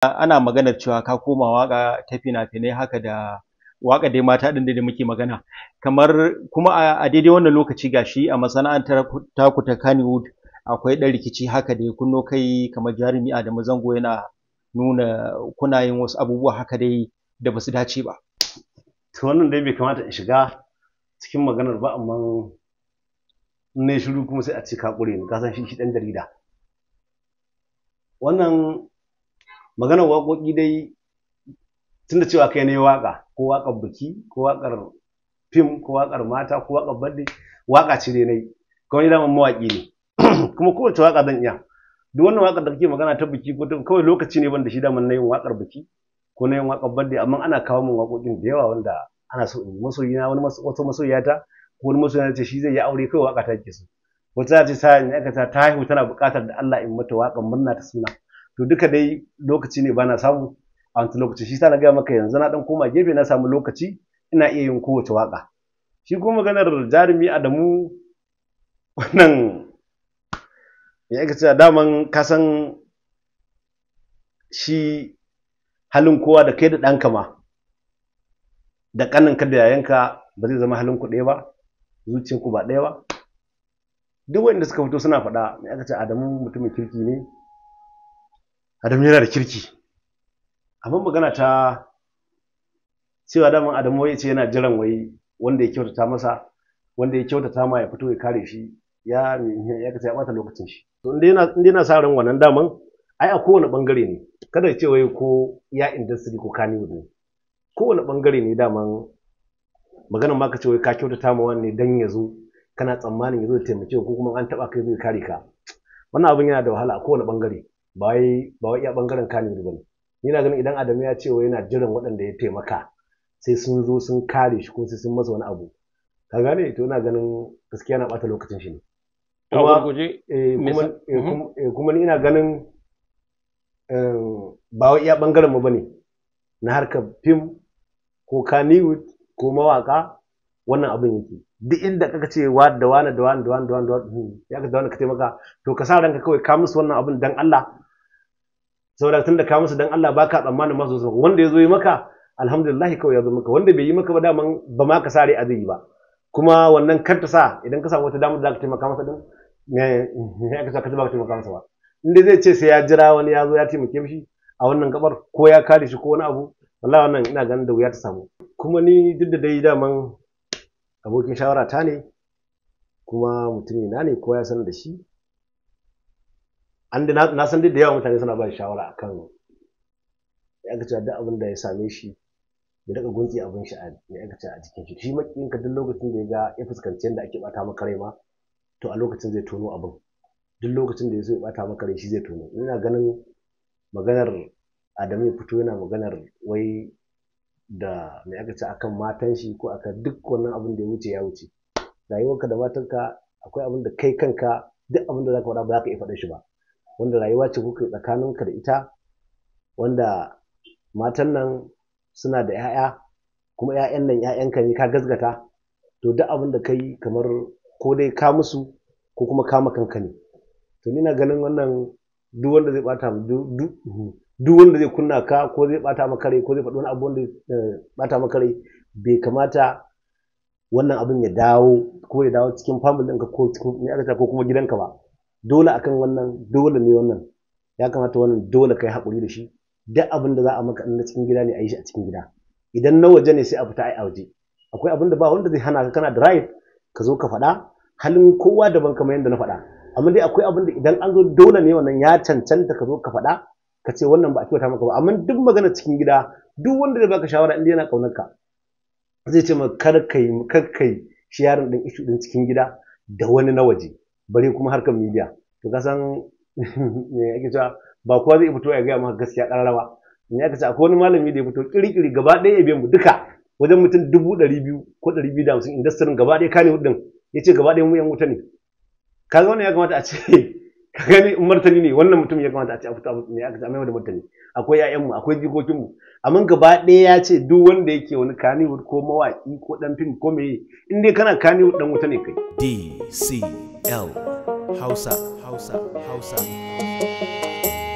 ana maganar cewa ka koma waƙa ta fina-finai haka da waƙa dai mata ɗin da muke magana kamar kuma a daidai wannan lokaci gashi a masana'antar taku ta Kannywood akwai ɗan rikici haka da ya kunno kai kamar jarumi Adamu Zango yana nuna kuna yin wasu abubuwa haka dai da basu dace ba to wannan dai bai kamata in shiga cikin maganar ba amma ne shiru kuma sai a ce ka ƙure kasance ka shi ɗan jarida wannan maganar waƙoƙi dai tunda cewa kai ne waƙa ko waƙar biki ko waƙar fim ko waƙar mata ko waƙar birthday waƙa ce dai nai. kawai da mun mawaƙi ne kuma kowace waƙa zan iya duk wannan waƙar da kake magana ta biki ko kawai lokaci ne wanda shi da mun nayin waƙar biki ko nayin waƙar birthday amma ana kawo min waƙoƙin da yawa wanda ana so in masoyi na wani wata masoyiya ta ko wani masoyi ce shi zai yi aure kawai waƙa ta ke so wata ta ce in aikata ta haihu tana buƙatar da Allah in mata waƙar murna ta suna to duka dai lokaci ne bana samu a wani lokaci shi sa na gaya maka yanzu na dan koma gefe na samu lokaci ina iya yin kowace waka shi kuma maganar jarumi adamu wannan ya ga cewa daman kasan shi halin kowa da kai da ɗanka ma da ka da yayanka ba zai zama halin ku ɗaya ba zuciyarku ba ɗaya ba duk wanda suka fito suna faɗa me aka ce adamu mutumin kirki ne adamu yana da kirki amma magana ta cewa daman adamu ya ce yana jiran wai wanda ya kyautata masa wanda ya kyautata ma ya fito ya kare shi ya ya kace ya bata lokacin shi to inda yana inda yana sa ran wannan daman ai a kowane bangare ne kada ya ce wai ko ya industry ko kani ne kowane bangare ne daman maganar ma ka ce wai ka kyautata ma wani dan ya zo kana tsammanin ya zo taimake ko kuma an taba kai zai kare ka wannan abin yana da wahala a kowane bangare ba wai iya bangaren kanin ba bane? Ina ganin idan adamu ya ce wa yana jiran waɗanda ya taimaka sai sun zo sun kare shi ko sai sun masa wani abu ka gane to ina ganin gaskiya na bata lokacin shi ne kuma eh, kuma eh, mhm. eh, ina ganin ba wai iya bangaren mu bane na harkar fim ko kaniwood ko mawaka wannan abin yake duk inda kaka ce wa da wani da wani da wani da wani ya ka da wani ka taimaka to ka sa ranka kawai ka musu wannan abin dan Allah saboda tun da ka musu dan Allah baka tsammanin masu su wanda ya zo yi maka alhamdulillah kawai ya zo maka wanda bai yi maka ba daman ba ma ka sare a zai ba kuma wannan kar ta sa idan ka samu wata damar da za ka taimaka masa din me aka sa ka ba ka taimaka masa ba in dai zai ce sai ya jira wani ya zo ya taimake shi a wannan gabar ko ya kare shi ko wani abu wallahi wannan ina ganin da wuya ta samu kuma ni duk da dai daman abokin shawara ta ne kuma mutum na ne ko ya san da shi an da na san duk da yawa mutane suna ba shawara akan ya ga cewa duk abin da ya same shi ya daga gunki abin shi ya ga cewa a cikin shi shi makin ka duk lokacin da ya ga ya fuskanci yadda ake bata maka rai ma to a lokacin zai tono abin duk lokacin da ya zo ya bata maka rai shi zai tono ina ganin maganar Adamu ya fito yana maganar wai da mai aka ce akan matan shi ko akan duk wannan abin da ya wuce ya wuce rayuwarka da matanka akwai abin da kai kanka duk abin da zaka faɗa ba za ka iya faɗa shi ba wanda rayuwa ce kuka tsakaninka da ita wanda matan nan suna da 'ya'ya kuma 'ya'yan nan 'ya'yanka ne ka gazgata to duk abin da ka yi kamar ko dai ka musu ko kuma kama kanka ne to ni na ganin wannan duk wanda zai bata duk wanda zai kunna ka ko zai bata maka rai ko zai faɗi wani abu wanda zai eh, bata maka rai bai kamata wannan abin ya dawo ko ya dawo cikin family ɗinka ko cikin ko kuma gidanka ba dole akan wannan dole ne wannan ya kamata wannan dole kai haƙuri da shi duk abin da za a maka na cikin gida ne a yi shi a cikin gida idan na waje ne sai a fita a waje akwai abin da ba wanda zai hana ka kana da right ka zo ka faɗa halin kowa daban kamar yadda na faɗa amma dai akwai abin da idan an zo dole ne wannan ya cancanta ka zo ka faɗa ka ce wannan ba a kyauta maka ba amma duk magana cikin gida duk wanda zai baka shawara inda yana kaunar ka zai ce ma kar kai kar kai shi yaron din ishu din cikin gida da wani na waje bare kuma harkar media to ka san me ake cewa ba kowa zai fito ya gaya maka gaskiya rawa in ya kace akwai wani malami da ya fito kirkiri gaba ɗaya ya biya mu duka wajen mutum dubu ɗari biyu ko ɗari biyu da hamsin indastirin gaba ɗaya kane hudun ya ce gaba ɗaya mu yan wuta ne ga wannan ya kamata a ce ka gani martani ne wannan mutum ya kamata a ce a fito ne aka ce a da martani akwai ƴaƴanmu akwai jikokinmu amma gaba ɗaya ya ce duk wanda yake wani kaniwood ko mawaƙi ko ɗan fim ko meye in dai kana kaniwood ɗan wuta ne kai DCL Hausa, Hausa, Hausa.